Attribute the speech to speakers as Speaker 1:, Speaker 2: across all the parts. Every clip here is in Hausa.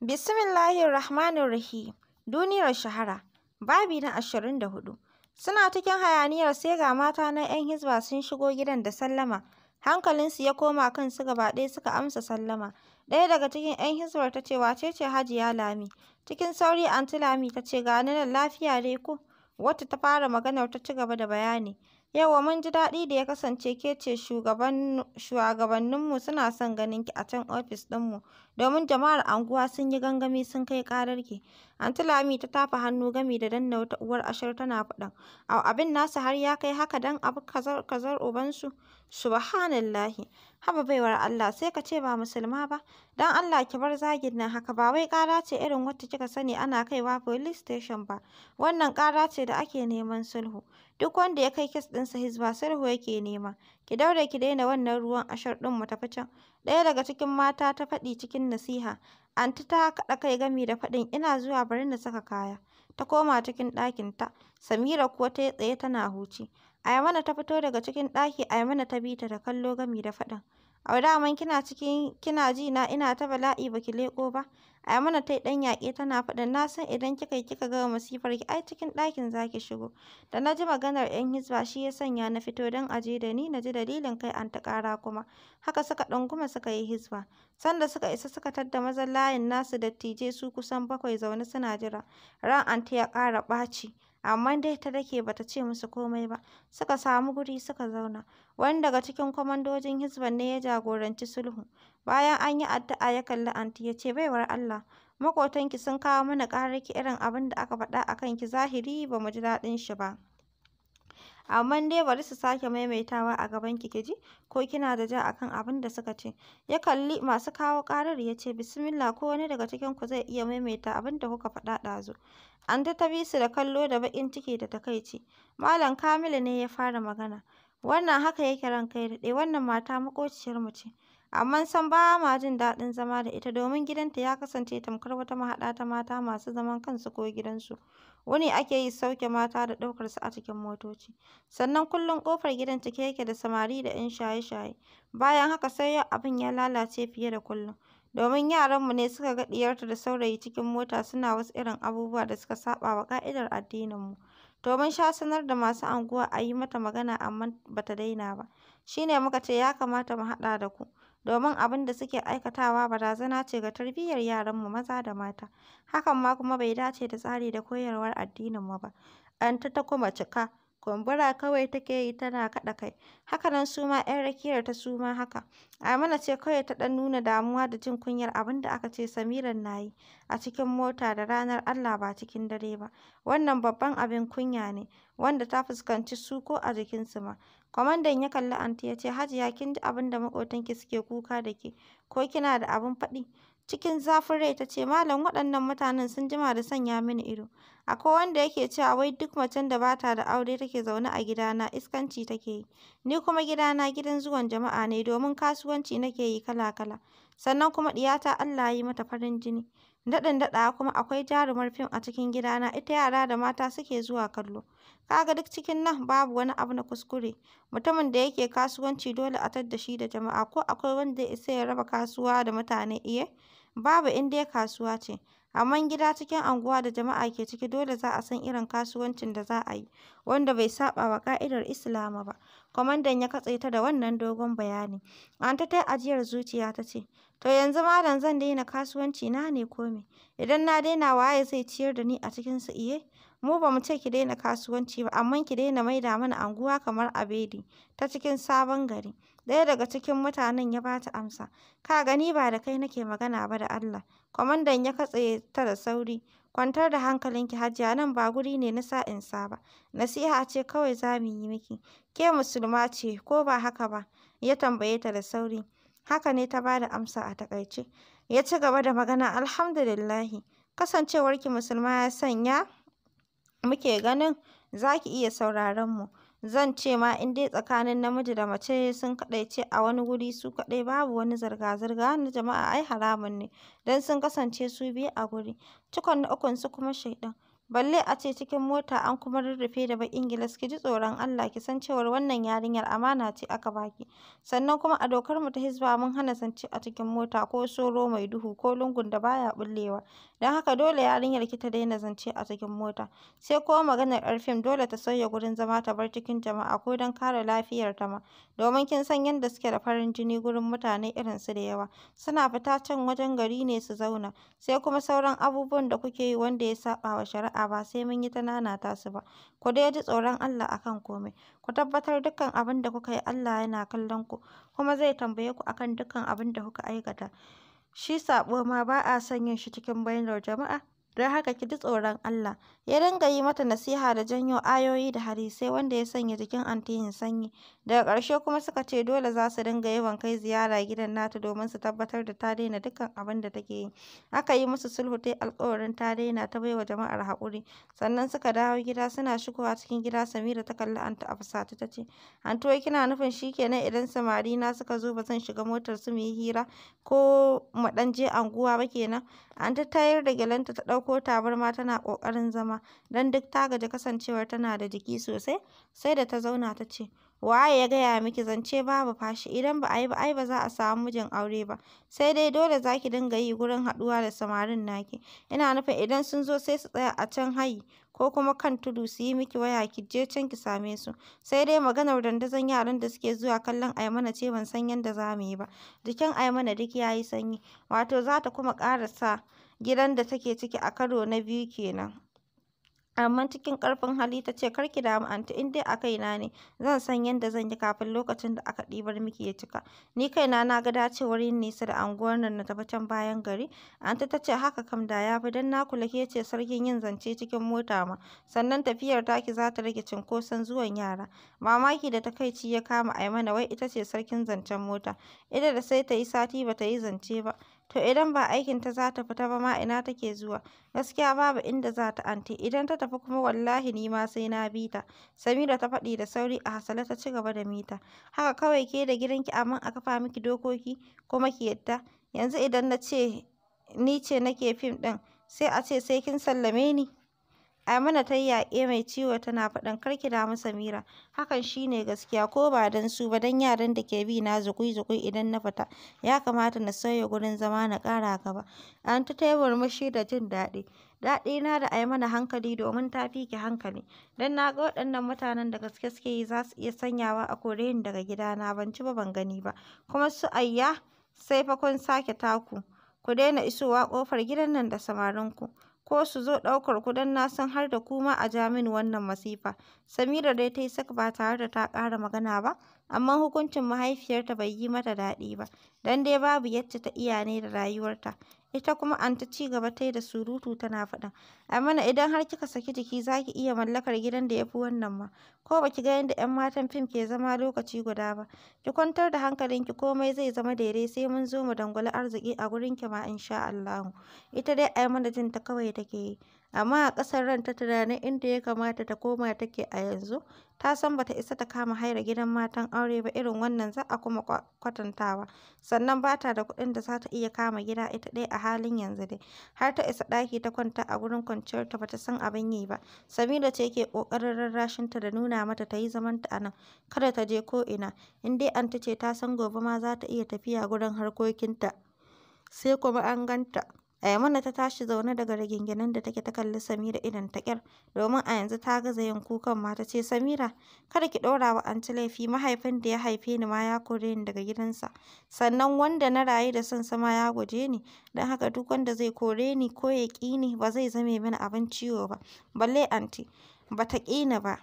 Speaker 1: Bismillahirrahmanirrahim. Duniyar shahara. Babi na 24. Suna cikin hayaniyar sai ga mata na 'yan Hizba sun shigo gidan da sallama. Hankalinsu ya koma kansu gaba ɗaya suka amsa sallama. Ɗaya daga cikin 'yan Hizbar ta ce wace ce Hajiya Lami? Cikin sauri Anti Lami ta ce ga lafiya dai ko? Wacce ta fara maganar ta ci gaba da bayani. Yawwa mun ji daɗi da ya kasance ke ce shugabanninmu suna son ganinki a can ofis ɗinmu domin jama'ar unguwa sun yi gangami sun kai ƙararki. anti Lami ta tafa hannu gami da danna wata uwar ashar tana faɗan abin nasa har ya kai haka don abu kazar-kazar ubansu. Subhanallahi. Haba baiwar Allah sai ka ce ba musulma ba. Don Allah ki bar zagin nan haka ba wai ƙara ce irin wata kika sani ana kaiwa police station ba. Wannan ƙara ce da ake neman sulhu. Duk wanda ya kai kes ɗinsa hizba sulhu yake nema. Ki daure ki daina wannan ruwan ashar ɗin mu tafi can. Ɗaya daga cikin mata ta faɗi cikin nasiha. Anti ta kaɗa kai gami da faɗin ina zuwa bari na saka kaya. Ta koma cikin ɗakinta. Samira kuwa ta yi tsaye tana huci. Aimana ta fito daga cikin ɗaki Aimana ta bi ta da kallo gami da faɗin, Au daman kina cikin kina ji na ina ta bala'i baki leƙo ba. Aimana ta yi ɗan yaƙe tana faɗin na san idan kika yi kika ga masifar ki ai cikin ɗakin za ki shigo. Da na ji maganar 'yan hizba shi ya sanya na fito don a je da ni na ji dalilin kai an ta ƙara kuma. Haka suka ɗunguma suka yi hizba. Sanda suka isa suka tadda mazan layin nasu dattijai su kusan bakwai zaune suna jira. Ran an ta ya ƙara ɓaci. amma dai ta dake bata ce musu komai ba. Suka samu guri suka zauna. Wani daga cikin kwamandojin Hizban ne ya jagoranci sulhu. Bayan an yi addu'a ya kalli anti ya ce, Baiwar Allah, makotanki sun kawo mana ƙarar ki irin abin da aka faɗa a ki zahiri ba mu ji daɗin shi ba. amma dai bari su sake maimaitawa a gaban ki ko kina da ja akan abin da suka ce ya kalli masu kawo karar ya ce bismillah ko wani daga cikin ku zai iya maimaita abin da kuka faɗa ɗazu an ta bi su da kallo da baƙin ciki da takaici malam kamilu ne ya fara magana wannan haka yake ran kai daɗe wannan mata makociyar mu ce amma san ba ma jin daɗin zama da ita domin gidanta ya kasance tamkar wata mahaɗa ta mata masu zaman kansu ko gidansu Wuni ake yi sauke mata da ɗaukar su a cikin motoci. Sannan kullum ƙofar gidan cike yake da samari da 'yan shaye-shaye. Bayan haka sai yau abin ya lalace fiye da kullum. Domin yaranmu ne suka ga ɗiyarta da saurayi cikin mota suna wasu irin abubuwa da suka saɓa wa ƙa'idar addininmu. To mun sha sanar da masu anguwa a yi mata magana amma ba ta daina ba. Shi ne muka ce ya kamata mu haɗa da ku. domin abin da suke aikatawa barazana ce ga tarbiyyar yaranmu maza da mata, hakan ma kuma bai dace da tsari da koyarwar addininmu ba. Anta ta kuma cika, kumbura kawai take yi tana kaɗa kai, haka nan su ma 'yan rakiyar ta su ma haka. Amina ce kawai ta ɗan nuna damuwa da jin kunyar abin da aka ce Samiran na yi a cikin mota da ranar Allah ba cikin dare ba, wannan babban abin kunya ne, wanda ta fuskanci su ko a jikinsu ma. Kwamandan ya kalli anti, ya ce, Hajiya kin ji abin da maƙotanki suke kuka da ke, ko kina da abin faɗi? Cikin zafin rai ta ce, Malam waɗannan mutanen sun jima da sanya mini ido. Akwai wanda yake cewa wai duk macen da bata da aure take zaune a gidana iskanci take yi. Ni kuma gidana gidan zuwan jama'a ne domin kasuwanci nake yi kala-kala. Sannan kuma ɗiyata Allah yi mata farin jini. Daɗin daɗawa kuma akwai jarumar fim a cikin gidana ita yara da mata suke zuwa kallo. Kaga duk cikin nan babu wani abu na kuskure. Mutumin da yake kasuwanci dole a tar da shi da jama'a ko akwai wanda ya isa ya raba kasuwa da mutane iye? Eh, babu inda ya kasuwa ce. Amma gida cikin unguwa da jama'a ke ciki dole za a san irin kasuwancin da za a yi, wanda bai saɓawa wa ƙa'idar Islama ba. Kwamandan ya katse ta da wannan dogon bayani. an ta ajiyar zuciya ta ce, To yanzu malam zan daina kasuwanci na ne ko me? Idan na daina waye zai ciyar da ni a su iye? Eh? Mu ba mu ce ki daina kasuwanci ba, amma ki daina maida mana anguwa kamar Abedi ta cikin Sabon Gari. Ɗaya daga cikin mutanen ya ba ta amsa, ka gani ba da kai nake magana ba da Allah. Kwamandan ya katse ta da sauri, kwantar da hankalinki Hajiya nan ba guri ne na sa'insa ba, nasiha ce kawai za mu yi miki. Ke musulma ce ko ba haka ba? Ya tambaye ta da sauri. Haka ne ta ba da amsa a takaice Ya ci gaba da magana alhamdulillahi, kasancewarki musulma ya sanya muke ganin za ki iya sauraron mu, zan ce ma in dai tsakanin namiji da mace sun kaɗaice a wani wuri su kaɗai babu wani zirga-zirga na jama'a ai haramun ne, don sun kasance su biyu a guri, cikon na ukun su kuma shaidan. balle a ce cikin mota an kuma rurrufe da baƙin gilas ki ji tsoron Allah ki san cewar wannan yarinyar amana ce aka baki sannan kuma a dokar mu ta hisba mun hana zance a cikin mota ko soro mai duhu ko lungun da baya bullewa don haka dole yarinyar ki ta daina zance a cikin mota sai ko maganar yar dole ta sauya gurin zama ta bar cikin jama'a ko don kare lafiyar ta ma domin kin san yadda suke da farin jini gurin mutane irin su da yawa suna fita can wajen gari ne su zauna sai kuma sauran abubuwan da kuke yi wanda ya saba wa shari'a a'a ba sai mun yi ta nanata su ba, ku dai ji tsoron Allah a kan komai, ku tabbatar dukkan abin da kuka yi Allah yana kallon ku, kuma zai tambaye ku akan dukkan abin da kuka aikata. Shi saɓo ma ba a son yin shi cikin bainar jama'a, don haka ki ji tsoron Allah. Ya dinga yi mata nasiha da janyo ayoyi da hadisai wanda ya sanya jikin anti sanyi. Daga ƙarshe kuma suka ce dole za su dinga yawan kai ziyara gidan nata domin su tabbatar da ta daina dukkan abin da take yi. Aka yi musu sulhu ta alƙawarin ta daina ta baiwa jama'ar haƙuri. Sannan suka dawo gida suna shigowa cikin gida Samira ta kalli Anta a fusata ta ce, Anto kina nufin shi kenan idan samari na suka zo ba zan shiga motar su mu yi hira ko mu ɗan je anguwa ba kenan. ta tayar da gyalenta ta ɗauka. ko tabarma tana ƙoƙarin zama, don duk ta gaji kasancewar tana da jiki sosai, sai da ta zauna ta ce, waye ya gaya miki zance babu fashi, idan ba a yi ba ai ba za a samu mijin aure ba, sai dai dole za ki dinga yi gurin haɗuwa da samarin naki, ina nufin idan sun zo sai su tsaya a can hayi, ko kuma kan tudu su yi miki waya ki je can ki same su sai dai maganar dandazon yaran da suke zuwa kallon Aimana ce ban san yadda za mu yi ba jikin Aimana duk ya yi sanyi wato za ta kuma ƙara sa gidan da take ciki a karo na biyu kenan. amma cikin karfin hali ta ce kar ki damu anti in dai a kaina ne zan san yadda zan yi kafin lokacin da aka ɗibar miki ya cika ni kaina na ga dacewar yin nisa da anguwar nan na tafi can bayan gari anti ta ce haka kam da ya fi don na kula ke ce sarkin yin zance cikin mota ma sannan tafiyar taki za ta rage cinkoson zuwan yara mamaki da takaici ya kama aimana wai ita ce sarkin zancen mota ita da sai ta yi sati ba ta yi zance ba To idan ba aikinta za ta fita ba ma ina take zuwa? Gaskiya babu inda za ta anti. idan ta tafi kuma wallahi ni ma sai na bi ta, Samira ta faɗi da sauri a hasala ta ci gaba da mita. Haka kawai ke da gidanki amma a kafa miki dokoki kuma ki yadda? Yanzu idan na ce ni ce nake fim ɗin, sai a ce sai kin sallame ni? Amina ta yi yaƙe mai ciwo tana faɗin kar ki damu Samira, hakan shine gaskiya ko ba don su ba don yaran da ke bi na zukui zukui idan na fita, ya kamata na sauya gurin zama na ƙara gaba. an ta yi murmushi da jin daɗi. Daɗi na da ai mana hankali domin ta fi ki hankali, don na ga waɗannan mutanen da gaske suke yi za su iya sanyawa a kore ni daga gidana ban ci ba ban gani ba, kuma su Ayya sai fa kun sake taku, ku daina isowa ƙofar gidan nan da samarin ku ko su zo ɗaukar kudin na san har da kuma a ja wannan masifa. Samira dai ta yi saka ba tare da ta ƙara magana ba, amma hukuncin mahaifiyarta bai yi mata daɗi ba, don dai babu yadda ta iya ne da rayuwarta. Ita kuma ta ci gaba ta yi da surutu tana faɗa Amina idan har kika saki jiki za ki iya mallakar gidan da ya fi wannan ma, ko ba ki ga yadda 'yan matan fim ke zama lokaci guda ba, ki kwantar da hankalinki komai zai zama daidai sai mun zo mu dangwali arziki a gurinki ma insha Allahu, ita dai Amina jin ta kawai take yi. amma a ƙasar ran ta tunanin inda ya kamata ta koma take a yanzu ta san bata isa ta kama haira gidan matan aure ba irin wannan za a kuma kwatantawa sannan bata da kuɗin da za ta iya kama gida ita ɗaya a halin yanzu dai har ta isa ɗaki ta kwanta a gurin kwanciyar ta bata san abin yi ba Samira ce ke ƙoƙarin rarrashin ta da nuna mata ta yi zaman ta anan kada ta je ko ina in dai an ta ce ta san gobe ma za ta iya tafiya gurin harkokinta sai kuma an ganta Maimuna ta tashi zaune daga rigingimin da take ta kalli Samira idan ta ƙyar, domin a yanzu ta gaza yin kukan ma ta ce, Samira, kada ki ɗora wa anti laifi mahaifin da ya haife ni ma ya kore ni daga gidansa, sannan wanda na rayu da son sama ya guje ni, don haka duk wanda zai kore ni ko ya ƙi ni ba zai zame mini abin ciwo ba, balle anti, ba ta ƙi ni ba,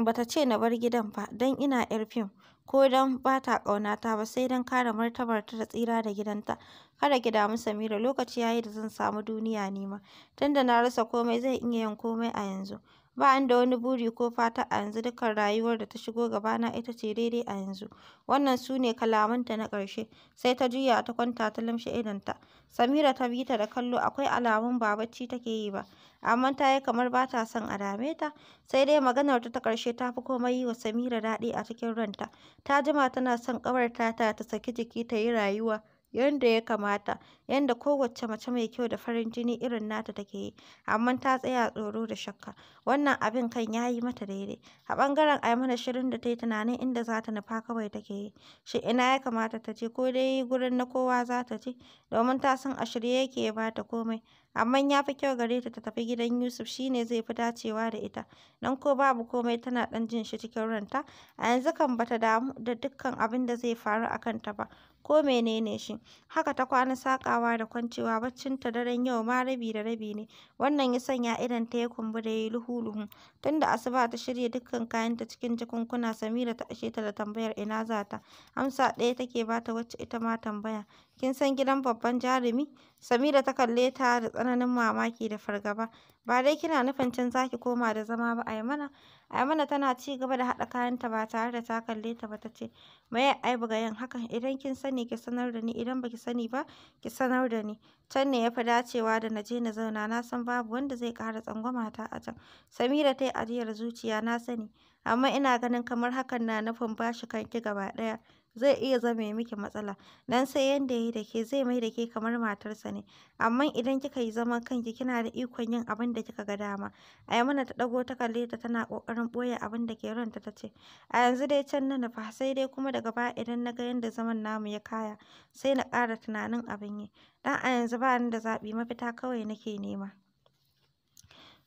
Speaker 1: Bata ce na bar gidan ba, don ina 'yar fim. ko don ba ta ƙaunata ba sai don kare martabarta da tsira da gidanta. Kada ki damu Samira, lokaci ya yi da zan samu duniya nima. tunda na rasa komai zai iya yin komai a yanzu. Ba ni da wani buri ko fata a yanzu, dukkan rayuwar da ta shigo gabana ita ce daidai a yanzu. Wannan su ne kalamanta na ƙarshe. Sai ta juya ta kwanta ta lumshe idonta. Samira ta bi ta da kallo, akwai alamun ba bacci take yi ba, amma ta yi kamar ba ta son a dame ta. Sai dai maganarta ta ƙarshe ta fi komai yi wa Samira daɗi a cikin ranta. Ta jima tana son ƙawar ta ta saki jiki ta yi rayuwa. yanda ya kamata, yanda kowacce mace mai kyau da farin jini irin nata take yi, amma ta tsaya tsoro da shakka. Wannan abin kan ya yi mata daidai. A ɓangaren Aimana shirin da ta yi tunanin inda za ta nufa kawai take yi, shi ina ya kamata ta je ko dai gurin na kowa za ta je, domin ta san a shirye yake ya ba ta komai. amma ya fi kyau gare ta ta tafi gidan Yusuf shi ne zai fi dacewa da ita, don ko babu komai tana ɗan jin shi cikin ranta, a yanzu kan ba ta damu da dukkan abin da zai faru a kanta ba, ko menene shi. Haka ta kwana sakawa da kwancewa ta daren yau ma rabi da rabi ne. Wannan ya sanya ta ya kumbura ya yi luhu-luhu. asuba ta shirya dukkan kayanta cikin jakunkuna Samira ta ashe ta da tambayar ina za ta. Amsa ɗaya take bata wacce ita ma tambaya. kin san gidan babban jarumi? Samira ta kalle ta da tsananin mamaki da fargaba. Ba dai kina nufin can zaki koma da zama ba Aimana? Aimana tana ci gaba da haɗa kayanta ba tare da ta kalle ta ba ta ce, Maye ai buga yin hakan idan kin sani ki sanar da ni idan baki sani ba ki sanar da ni. Can ne yafi dacewa da na je na zauna na san babu wanda zai ƙara tsangwama ta a can. Samira ta yi ajiyar zuciya na sani, amma ina ganin kamar hakan na nufin bashi shi kanki gaba ɗaya. zai iya zama ya miki matsala dan sai yanda yayi da ke zai mai da ke kamar matarsa ne amma idan kika yi zaman kanki kina da ikon yin abin da kika ga dama Aimana ta dago ta kalle ta tana kokarin boye abin da ke ranta ta ce a yanzu dai can na nufa sai dai kuma daga baya idan na ga yanda zaman namu ya kaya sai na ƙara tunanin abin yi dan a yanzu ba ni da zaɓi mafita kawai nake nema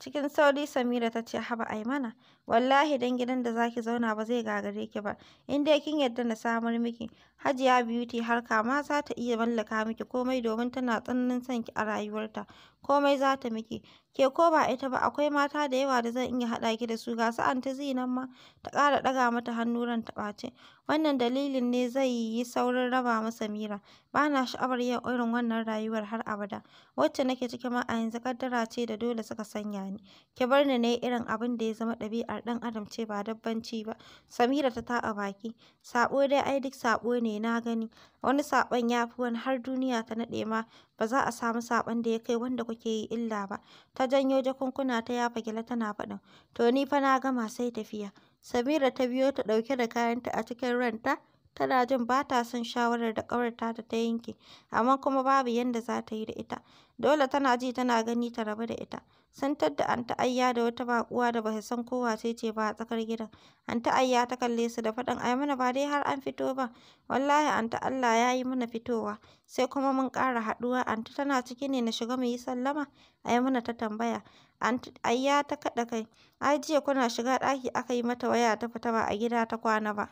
Speaker 1: cikin sauri samira ta ce haba aimana wallahi dan gidan da zaki zauna ba zai gagare ki ba in dai kin yarda na samar miki hajiya beauty har ma za ta iya mallaka miki komai domin tana tsananin son ki a rayuwarta komai za ta miki ke ko ba ita ba akwai mata da yawa da zan iya haɗa ki da su ga su anta zinan ma ta kara ɗaga mata hannu ran ta bace wannan dalilin ne zai yi saurin raba masa mira ba na sha'awar yin irin wannan rayuwar har abada wacce nake cike ma a yanzu kaddara ce da dole suka sanya ni ki bar ni na irin abin da ya zama ɗabi'ar ɗan adam ce ba dabbanci ba. Samira ta taɓa baki. Saɓo dai ai duk saɓo ne na gani. Wani saɓon ya fi wani har duniya ta naɗe ma ba za a samu saɓon da ya kai wanda kuke yi illa ba. Ta janyo jakunkuna ta yafa gyale tana faɗin. To ni fa na gama sai tafiya. Samira ta biyo ta ɗauke da kayanta a cikin ranta. Tana jin ba ta son shawarar da ƙawarta ta yanke, amma kuma babu yadda za ta yi da ita. Dole tana ji tana gani ta rabu da ita. Sun tadda an Ayya da wata baƙuwa da ba san ko wace ce ba a tsakar gidan. an Ayya ta kalle su da faɗin ai mana ba dai har an fito ba. Wallahi an Allah ya yi mana fitowa. Sai kuma mun ƙara haɗuwa ta tana ciki ne na shiga mu yi sallama. Ai mana ta tambaya. an Ayya ta kaɗa kai. Ai jiya kuna shiga ɗaki aka yi mata waya ta fita ba a gida ta kwana ba.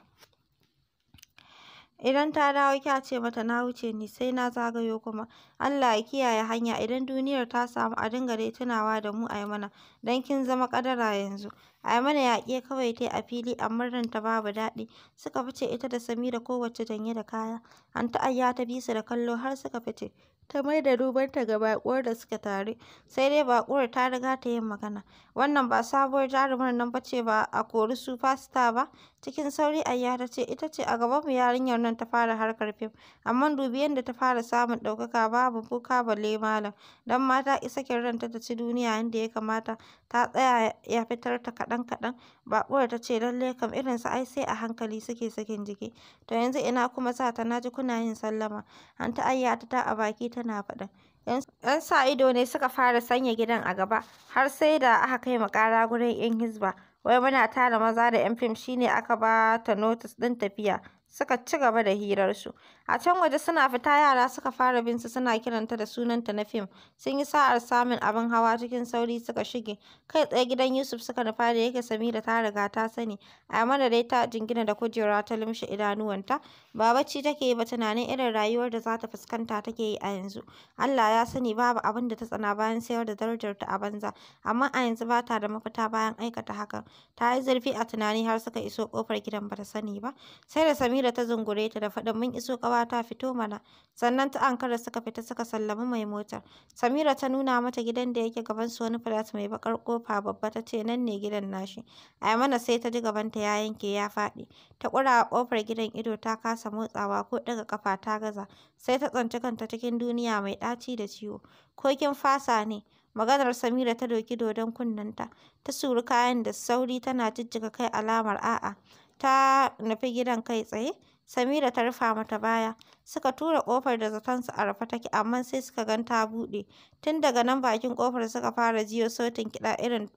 Speaker 1: Idan ta dawo kya ce mata na wuce ni sai na zagayo kuma. Allah ya kiyaye hanya idan duniyar ta samu a dinga dai tunawa da mu Aimana don kin zama kadara yanzu. Aimana yaƙe kawai tayi a fili amma ta babu daɗi. Suka fice ita da Samira kowace danye da kaya. Anta Ayya ta bi su da kallo har suka fice. Ta maida dubanta ga bakuwar da suka tare, sai dai bakuwar ta riga ta yin magana. Wannan ba sabuwar jarumar nan ba ce ba a kori su fasta ba, cikin sauri Ayya ta ce, ita ce a gaban mu yarinyar nan ta fara harkar fim, amma dubi yadda ta fara samun ɗaukaka babu kuka balle malam, don mata isa sakin ranta ta ci duniya yadda ya kamata, ta tsaya ya fitar ta kaɗan-kaɗan, baƙuwar ta ce lalle kam su ai sai a hankali suke sakin jiki, to yanzu ina kuma sa ta na ji kuna yin sallama, an Ayya ta ta a baki tana faɗin. 'Yan sa ido ne suka fara sanya gidan a gaba, har sai da aka kai makara gurin 'yan Hizba. Wai muna tara maza da 'yan fim shine aka ba ta notis din tafiya. Suka ci gaba da hirar su A can waje suna fita yara suka fara bin su suna kiranta da sunanta na fim. Sun yi sa'ar samun abin hawa cikin sauri suka shige. Kai tsaye gidan Yusuf suka nufa da yake Samira ta riga ta sani. a da dai ta jingina da kujera ta lumshe idanuwanta. ba bacci take yi ba tunanin irin rayuwar da za ta fuskanta take yi a yanzu Allah ya sani babu abin da ta tsana bayan sayar da darajarta a banza amma a yanzu ba ta da mafita bayan aikata hakan ta yi zurfi a tunani har suka iso kofar gidan ba ta sani ba sai da Samira ta zungure ta da faɗin mun iso ƙawa ta fito mana sannan ta ankara suka fita suka sallami mai motar Samira ta nuna mata gidan da yake gaban su wani flat mai bakar kofa babba ta ce nan ne gidan nashi mana, sai ta ji gabanta ya yanke ya faɗi ta ƙura kofar gidan ido ta kasa kasa motsawa ko ɗaga ƙafa ta gaza, sai ta tsanci kanta cikin duniya mai ɗaci da ciwo. Ko kin fasa ne? Maganar Samira ta doki dodon kunnenta, ta suri kayan da sauri tana jijjiga kai alamar a'a. Ta nufi gidan kai tsaye, Samira ta rufa mata baya. Suka tura ƙofar da zatonsu a rufe take amma sai suka gan ta buɗe. Tun daga nan bakin ƙofar suka fara jiyo sautin kiɗa irin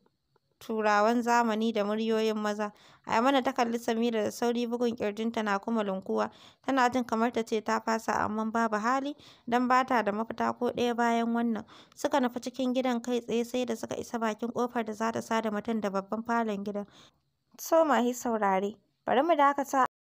Speaker 1: Turawan zamani da muryoyin maza. Aimana ta kalli Samira da sauri bugun ƙirjinta na kuma lunkuwa, tana jin kamar ta ce ta fasa amma babu hali Dan bata da mafita ko ɗaya bayan wannan. Suka nufi cikin gidan kai tsaye sai da suka isa bakin kofar da za ta sada mutum da babban falon gidan. So mahi saurare, bari mu dakata.